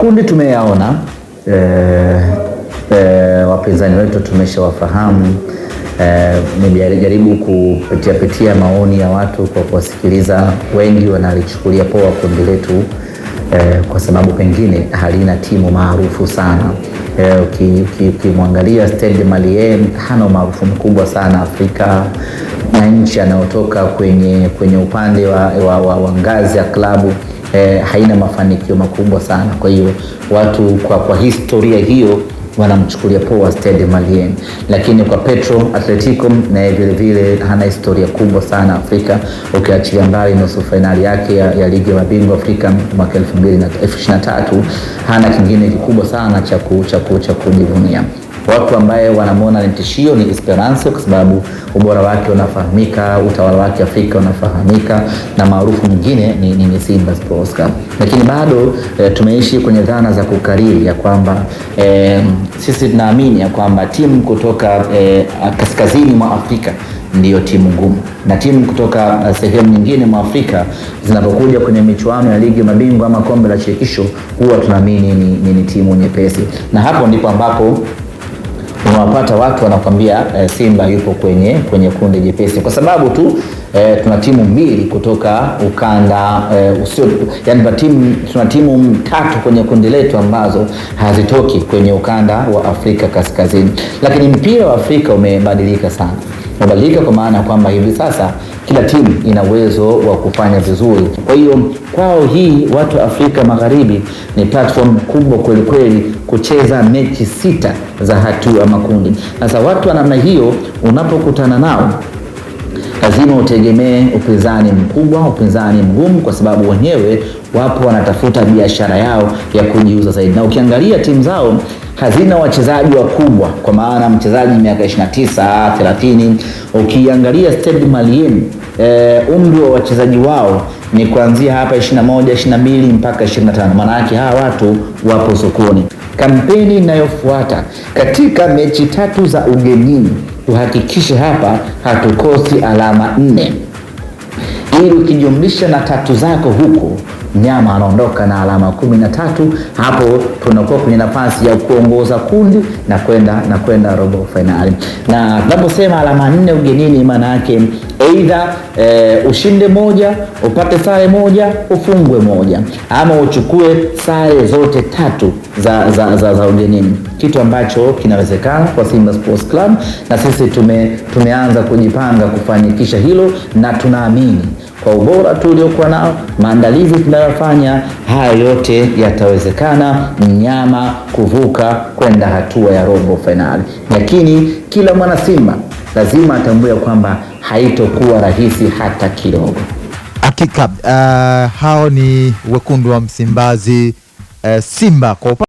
Kundi tumeyaona eh, eh, wapinzani wetu tumeshawafahamu eh, kupitia kupitiapitia maoni ya watu kwa kuwasikiliza. Wengi wanalichukulia poa kundi letu eh, kwa sababu pengine halina timu maarufu sana e, ukimwangalia Stendi Malie hana maarufu mkubwa sana Afrika na nchi anayotoka kwenye, kwenye upande wa, wa, wa, wa ngazi ya klabu eh, haina mafanikio makubwa sana. Kwa hiyo watu kwa, kwa historia hiyo wanamchukulia poa Stade Malien, lakini kwa Petro Atletico naye vilevile hana historia kubwa sana Afrika, ukiachilia mbali nusu fainali yake ya, ya ligi ya mabingwa Afrika mwaka tatu. hana kingine kikubwa sana cha kujivunia. Watu ambaye wanamwona ni tishio ni Esperance kwa sababu ubora wake unafahamika, utawala wake Afrika unafahamika, na maarufu mwingine ni, ni, ni Simba Sports Club. Lakini bado eh, tumeishi kwenye dhana za kukariri ya kwamba eh, sisi tunaamini ya kwamba timu kutoka eh, kaskazini mwa Afrika ndiyo timu ngumu na timu kutoka eh, sehemu nyingine mwa Afrika zinapokuja kwenye michuano ya ligi mabingwa ama kombe la shirikisho huwa tunaamini ni, ni, ni timu nyepesi, na hapo ndipo ambapo unawapata watu wanakwambia e, Simba yupo kwenye, kwenye kundi jepesi kwa sababu tu e, tuna timu mbili kutoka ukanda e, usio yani timu, tuna timu tatu kwenye kundi letu ambazo hazitoki kwenye ukanda wa Afrika Kaskazini, lakini mpira wa Afrika umebadilika sana mabadiliko, kwa maana ya kwamba hivi sasa kila timu ina uwezo wa kufanya vizuri. Kwa hiyo kwao hii watu wa Afrika Magharibi ni platform kubwa kweli kweli kucheza mechi sita za hatua makundi. Sasa watu wa namna hiyo unapokutana nao lazima utegemee upinzani mkubwa, upinzani mgumu, kwa sababu wenyewe wapo wanatafuta biashara yao ya kujiuza zaidi, na ukiangalia timu zao hazina wachezaji wakubwa, kwa maana mchezaji miaka 29 30. Ukiangalia Stade Malien e, umri wa wachezaji wao ni kuanzia hapa 21 22 mpaka 25. Maana yake hawa watu wapo sokoni kampeni inayofuata katika mechi tatu za ugenini tuhakikishe hapa hatukosi alama nne, ili ukijumlisha na tatu zako huko mnyama anaondoka na alama kumi na tatu. Hapo tunakuwa kwenye nafasi ya kuongoza kundi na kwenda na kwenda robo fainali, na tunaposema alama nne ugenini, maana yake Aidha e, ushinde moja, upate sare moja, ufungwe moja, ama uchukue sare zote tatu za, za, za, za ugenini, kitu ambacho kinawezekana kwa Simba Sports Club, na sisi tume, tumeanza kujipanga kufanikisha hilo na tunaamini kwa ubora tu uliokuwa nao, maandalizi tunayofanya, haya yote yatawezekana mnyama kuvuka kwenda hatua ya robo fainali. Lakini kila mwana Simba lazima atambue kwamba haitokuwa rahisi hata kidogo. Hakika uh, hao ni wekundu wa Msimbazi uh, Simba kwa